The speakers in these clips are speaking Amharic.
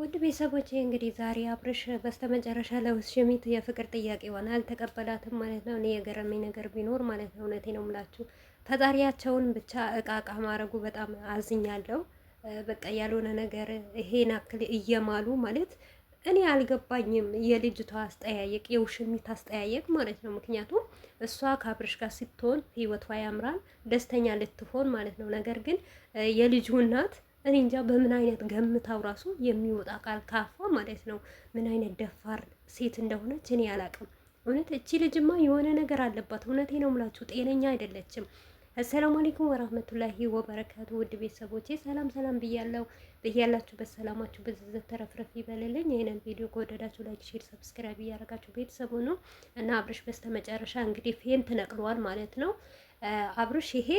ውድ ቤተሰቦች እንግዲህ ዛሬ አብርሽ በስተመጨረሻ ለውሽሚት የፍቅር ጥያቄ ሆነ አልተቀበላትም ማለት ነው። እኔ የገረመኝ ነገር ቢኖር ማለት ነው እውነቴ ነው የምላችሁ ፈጣሪያቸውን ብቻ እቃቃ ማድረጉ በጣም አዝኛለሁ። በቃ ያልሆነ ነገር ይሄን አክል እየማሉ ማለት እኔ አልገባኝም። የልጅቷ አስጠያየቅ የውሽሚት አስጠያየቅ ማለት ነው። ምክንያቱም እሷ ከአብርሽ ጋር ስትሆን ህይወቷ ያምራል፣ ደስተኛ ልትሆን ማለት ነው። ነገር ግን የልጁ እናት እኔ እንጃ በምን አይነት ገምታው ራሱ የሚወጣ ቃል ካፏ ማለት ነው። ምን አይነት ደፋር ሴት እንደሆነች እኔ አላቅም። እውነት እቺ ልጅማ የሆነ ነገር አለባት። እውነቴ ነው ምላችሁ፣ ጤነኛ አይደለችም። አሰላሙ አለይኩም ወራህመቱላሂ ወበረካቱ። ውድ ቤተሰቦቼ ሰላም ሰላም ብያለሁ። ብያላችሁ በሰላማችሁ በዝዘት ተረፍረፍ ይበልልኝ። ይህንን ቪዲዮ ከወደዳችሁ ላይክ፣ ሼር፣ ሰብስክራይብ እያደረጋችሁ ቤተሰቡ ነው እና አብርሽ በስተመጨረሻ እንግዲህ ፌን ትነቅለዋል ማለት ነው አብርሽ ይሄ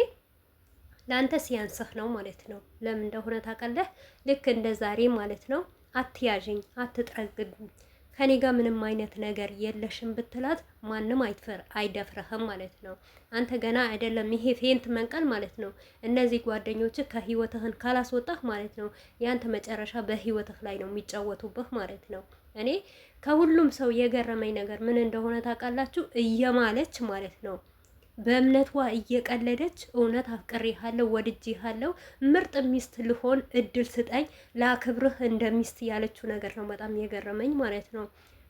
ለአንተ ሲያንስህ ነው ማለት ነው። ለምን እንደሆነ ታውቃለህ? ልክ እንደ ዛሬ ማለት ነው። አትያዥኝ፣ አትጥረግብኝ፣ ከኔ ጋር ምንም አይነት ነገር የለሽም ብትላት ማንም አይፈር አይደፍረህም ማለት ነው። አንተ ገና አይደለም ይሄ ፌንት መንቀል ማለት ነው። እነዚህ ጓደኞች ከህይወትህን ካላስወጣህ ማለት ነው ያንተ መጨረሻ በህይወትህ ላይ ነው የሚጫወቱብህ ማለት ነው። እኔ ከሁሉም ሰው የገረመኝ ነገር ምን እንደሆነ ታውቃላችሁ? እየማለች ማለት ነው በእምነቷ እየቀለደች እውነት አፍቅሬሃለሁ ወድጄሃለሁ ምርጥ ሚስት ልሆን እድል ስጠኝ ላክብርህ እንደ ሚስት ያለችው ነገር ነው በጣም የገረመኝ ማለት ነው።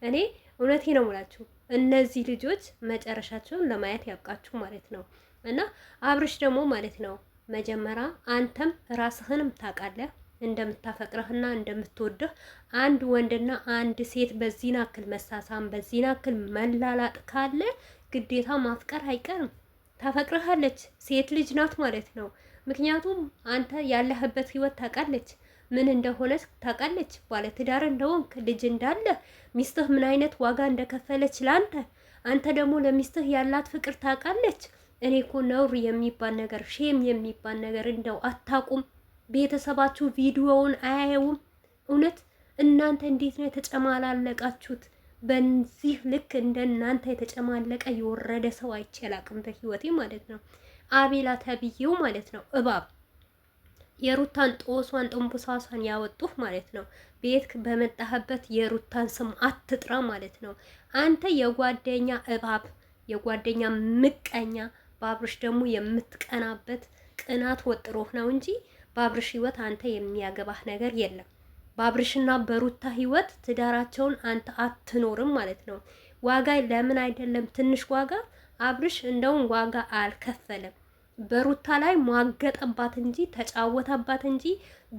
እኔ እውነቴ ነው ሙላችሁ እነዚህ ልጆች መጨረሻቸውን ለማየት ያብቃችሁ ማለት ነው። እና አብርሽ ደግሞ ማለት ነው መጀመሪያ አንተም ራስህንም ታውቃለህ እንደምታፈቅረህና እንደምትወድህ አንድ ወንድና አንድ ሴት በዚህን አክል መሳሳም በዚህን አክል መላላጥ ካለ ግዴታ ማፍቀር አይቀርም። ታፈቅርሃለች፣ ሴት ልጅ ናት ማለት ነው። ምክንያቱም አንተ ያለህበት ህይወት ታውቃለች፣ ምን እንደሆነች ታውቃለች። ባለ ትዳር እንደሆንክ ልጅ እንዳለ ሚስትህ ምን አይነት ዋጋ እንደከፈለች ለአንተ አንተ ደግሞ ለሚስትህ ያላት ፍቅር ታውቃለች። እኔ እኮ ነውር የሚባል ነገር ሼም የሚባል ነገር እንደው አታቁም። ቤተሰባችሁ ቪዲዮውን አያየውም? እውነት እናንተ እንዴት ነው የተጨማላለቃችሁት? በዚህ ልክ እንደ እናንተ የተጨማለቀ የወረደ ሰው አይቼ አላቅም በህይወቴ ማለት ነው። አቤላ ተብዬው ማለት ነው እባብ የሩታን ጦሷን ጥንቡሳሷን ያወጡህ ማለት ነው። ቤት በመጣህበት የሩታን ስም አትጥራ ማለት ነው። አንተ የጓደኛ እባብ፣ የጓደኛ ምቀኛ፣ በአብርሽ ደግሞ የምትቀናበት ቅናት ወጥሮህ ነው እንጂ በአብርሽ ህይወት አንተ የሚያገባህ ነገር የለም። በአብርሽና በሩታ ህይወት ትዳራቸውን አንተ አትኖርም ማለት ነው። ዋጋ ለምን አይደለም ትንሽ ዋጋ አብርሽ እንደውም ዋጋ አልከፈለም። በሩታ ላይ ሟገጠባት እንጂ ተጫወተባት እንጂ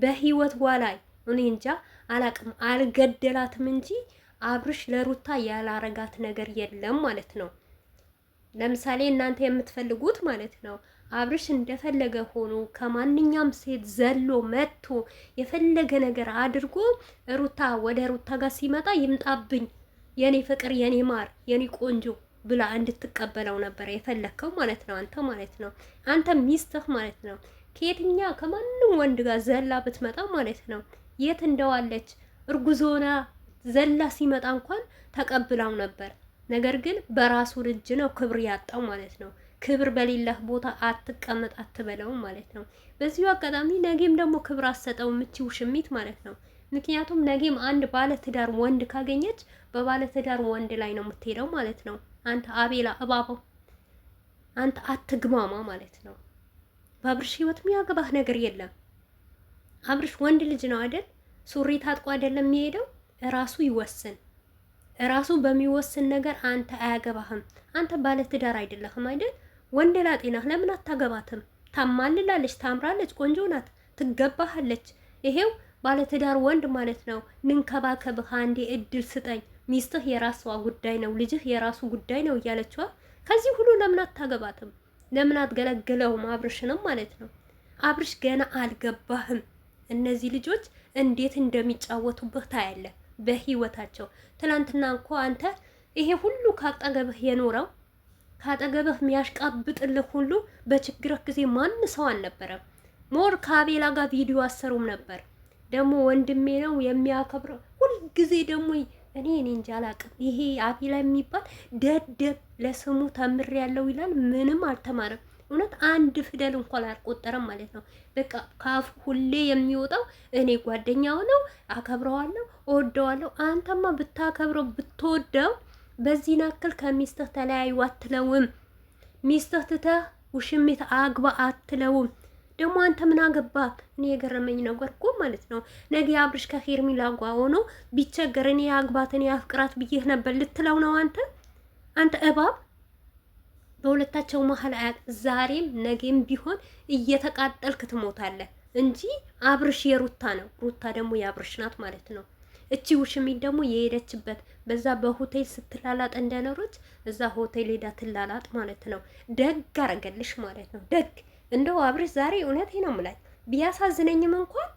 በህይወት ላይ እኔ እንጃ አላቅም አልገደላትም እንጂ አብርሽ ለሩታ ያላረጋት ነገር የለም ማለት ነው። ለምሳሌ እናንተ የምትፈልጉት ማለት ነው አብርሽ እንደፈለገ ሆኖ ከማንኛውም ሴት ዘሎ መጥቶ የፈለገ ነገር አድርጎ ሩታ ወደ ሩታ ጋር ሲመጣ ይምጣብኝ የኔ ፍቅር የኔ ማር የኔ ቆንጆ ብላ እንድትቀበለው ነበር የፈለግከው ማለት ነው። አንተ ማለት ነው አንተ ሚስትህ ማለት ነው። ከየትኛ ከማንም ወንድ ጋር ዘላ ብትመጣ ማለት ነው የት እንደዋለች እርጉዞና ዘላ ሲመጣ እንኳን ተቀብላው ነበር። ነገር ግን በራሱ ልጅ ነው ክብር ያጣው ማለት ነው። ክብር በሌለህ ቦታ አትቀመጥ አትበለውም ማለት ነው። በዚሁ አጋጣሚ ነገም ደግሞ ክብር አሰጠው ምቺ ሽሚት ማለት ነው። ምክንያቱም ነገም አንድ ባለትዳር ወንድ ካገኘች በባለትዳር ወንድ ላይ ነው የምትሄደው ማለት ነው። አንተ አቤላ እባባው አንተ አትግማማ ማለት ነው። በአብርሽ ህይወት የሚያገባህ ነገር የለም። አብርሽ ወንድ ልጅ ነው አይደል? ሱሪ ታጥቆ አይደለም የሚሄደው። እራሱ ይወስን። እራሱ በሚወስን ነገር አንተ አያገባህም። አንተ ባለትዳር አይደለህም አይደል? ወንድ ላጤ ናት፣ ለምን አታገባትም? ታማልላለች፣ ታምራለች፣ ቆንጆ ናት፣ ትገባሃለች። ይሄው ባለትዳር ወንድ ማለት ነው። ንንከባከብህ፣ አንዴ እድል ስጠኝ፣ ሚስትህ የራሷ ጉዳይ ነው፣ ልጅህ የራሱ ጉዳይ ነው እያለችዋ ከዚህ ሁሉ ለምን አታገባትም? ለምን አትገለግለውም? አብርሽንም ማለት ነው። አብርሽ ገና አልገባህም። እነዚህ ልጆች እንዴት እንደሚጫወቱብህ ታያለህ በህይወታቸው። ትናንትና እኮ አንተ ይሄ ሁሉ ካጠገብህ የኖረው ካጠገብህ የሚያሽቃብጥልህ ሁሉ በችግርህ ጊዜ ማን ሰው አልነበረም። ሞር ከአቤላ ጋር ቪዲዮ አሰሩም ነበር። ደግሞ ወንድሜ ነው የሚያከብረው። ሁልጊዜ ደግሞ እኔ እኔ እንጃ አላውቅም። ይሄ አቤላ የሚባል ደደብ ለስሙ ተምር ያለው ይላል፣ ምንም አልተማረም። እውነት አንድ ፊደል እንኳን አልቆጠረም ማለት ነው። በቃ ካፉ ሁሌ የሚወጣው እኔ ጓደኛው ነው፣ አከብረዋለሁ፣ እወደዋለሁ። አንተማ ብታከብረው ብትወደው በዚህ ናክል ከሚስትህ ተለያዩ አትለውም። ሚስትህ ትተህ ውሽሚት አግባ አትለውም። ደግሞ አንተ ምን አገባ? እኔ የገረመኝ ነገር እኮ ማለት ነው ነገ አብርሽ ከሄርሜላ ጋር ሆኖ ቢቸገር እኔ አግባት እኔ አፍቅራት ብዬህ ነበር ልትለው ነው አንተ አንተ እባብ። በሁለታቸው መሀል ዛሬም ነገም ቢሆን እየተቃጠልክ ትሞታለህ እንጂ አብርሽ የሩታ ነው፣ ሩታ ደግሞ የአብርሽ ናት ማለት ነው። እቺ ውሽሚት ደግሞ የሄደችበት በዛ በሆቴል ስትላላጥ እንደኖረች እዛ ሆቴል ሄዳ ትላላጥ ማለት ነው። ደግ አረገልሽ ማለት ነው። ደግ እንደው አብርሽ ዛሬ እውነቴ ነው የምላኝ ቢያሳዝነኝም እንኳን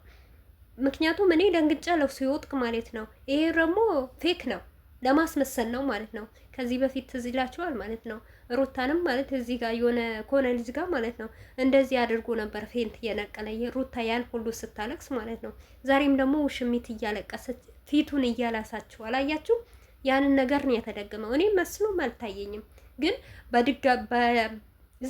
ምክንያቱም እኔ ደንግጫ ለው ሲወጥቅ ማለት ነው። ይሄ ደግሞ ፌክ ነው። ለማስመሰል ነው ማለት ነው። ከዚህ በፊት ትዝ ይላችኋል ማለት ነው። ሩታንም ማለት እዚህ ጋር የሆነ ከሆነ ልጅ ጋር ማለት ነው እንደዚህ አድርጎ ነበር ፌንት እየነቀለ ሩታ ያን ሁሉ ስታለቅስ ማለት ነው። ዛሬም ደግሞ ውሽሚት እያለቀሰች ፊቱን እያላሳችሁ አላያችሁ? ያንን ነገር ነው የተደገመው። እኔ መስሎም አልታየኝም፣ ግን በድጋ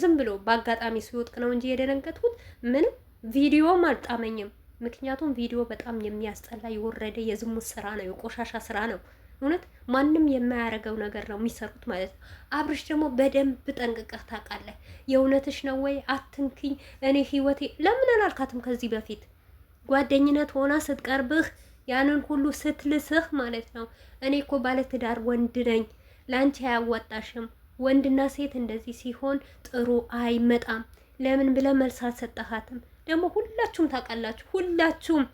ዝም ብሎ በአጋጣሚ ሲወጥቅ ነው እንጂ የደነገጥኩት ምንም ቪዲዮም አልጣመኝም። ምክንያቱም ቪዲዮ በጣም የሚያስጠላ የወረደ የዝሙት ስራ ነው፣ የቆሻሻ ስራ ነው። እውነት ማንም የማያደርገው ነገር ነው የሚሰሩት ማለት ነው። አብርሽ ደግሞ በደንብ ጠንቅቀህ ታውቃለህ። የእውነትሽ ነው ወይ አትንክኝ፣ እኔ ህይወቴ ለምን አላልካትም? ከዚህ በፊት ጓደኝነት ሆና ስትቀርብህ ያንን ሁሉ ስትልስህ ማለት ነው። እኔ እኮ ባለትዳር ወንድ ነኝ፣ ለአንቺ አያዋጣሽም። ወንድና ሴት እንደዚህ ሲሆን ጥሩ አይመጣም። ለምን ብለህ መልስ አልሰጠሃትም? ደግሞ ሁላችሁም ታውቃላችሁ፣ ሁላችሁም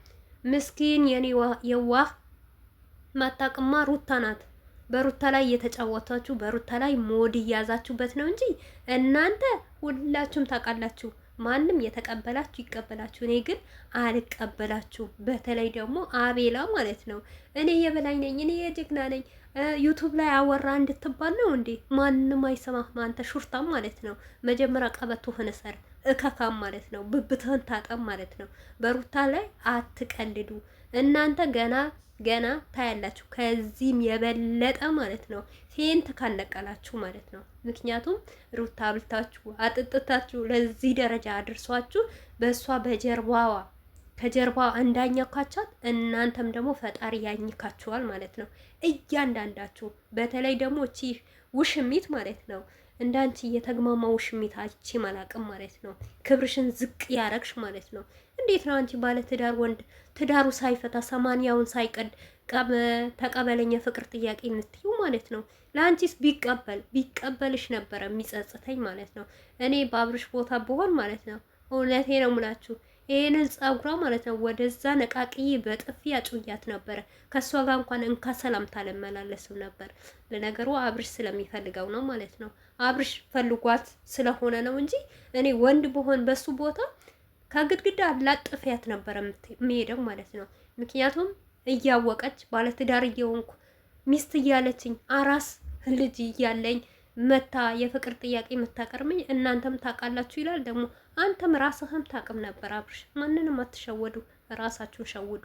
ምስኪን የኔ የዋህ ማታቅማ ሩታ ናት። በሩታ ላይ እየተጫወታችሁ በሩታ ላይ ሞድ እያያዛችሁበት ነው እንጂ እናንተ ሁላችሁም ታውቃላችሁ። ማንም የተቀበላችሁ ይቀበላችሁ። እኔ ግን አልቀበላችሁ። በተለይ ደግሞ አቤላ ማለት ነው። እኔ የበላይ ነኝ፣ እኔ የጀግና ነኝ። ዩቱብ ላይ አወራ እንድትባል ነው እንዴ? ማንም አይሰማህም አንተ ሹርታም ማለት ነው። መጀመሪያ ቀበቶ ሰር እከካም ማለት ነው። ብብትህን ታጠም ማለት ነው። በሩታ ላይ አትቀልዱ እናንተ ገና ገና ታያላችሁ። ከዚህም የበለጠ ማለት ነው ፌንት ካለቀላችሁ ማለት ነው። ምክንያቱም ሩታ አብልታችሁ አጥጥታችሁ ለዚህ ደረጃ አድርሷችሁ በእሷ በጀርባዋ ከጀርባዋ እንዳኛካቻት እናንተም ደግሞ ፈጣሪ ያኝካችኋል ማለት ነው። እያንዳንዳችሁ በተለይ ደግሞ እቺ ውሽሚት ማለት ነው እንዳንቺ እየተግማማውሽ የሚታች አላቅም ማለት ነው። ክብርሽን ዝቅ ያረግሽ ማለት ነው። እንዴት ነው አንቺ ባለ ትዳር ወንድ ትዳሩ ሳይፈታ ሰማንያውን ሳይቀድ ተቀበለኝ ፍቅር ጥያቄ የምትይው ማለት ነው። ለአንቺስ ቢቀበል ቢቀበልሽ ነበረ የሚጸጽተኝ ማለት ነው። እኔ በአብርሽ ቦታ ብሆን ማለት ነው እውነቴ ነው ምላችሁ ይህንን ጸጉሯ ማለት ነው ወደዛ ነቃቅዬ በጥፊ ያጩያት ነበረ። ከእሷ ጋር እንኳን እንካ ሰላምታ አልመላለስም ነበር። ለነገሩ አብርሽ ስለሚፈልገው ነው ማለት ነው። አብርሽ ፈልጓት ስለሆነ ነው እንጂ እኔ ወንድ በሆን በሱ ቦታ ከግድግዳ ላጥፊያት ነበረ የምሄደው ማለት ነው። ምክንያቱም እያወቀች ባለትዳር እየሆንኩ ሚስት እያለችኝ አራስ ልጅ እያለኝ መታ የፍቅር ጥያቄ የምታቀርበኝ እናንተም ታውቃላችሁ ይላል ደግሞ አንተም ራስህም ታቅም ነበር አብርሽ። ማንንም አትሸወዱ፣ ራሳችሁን ሸውዱ።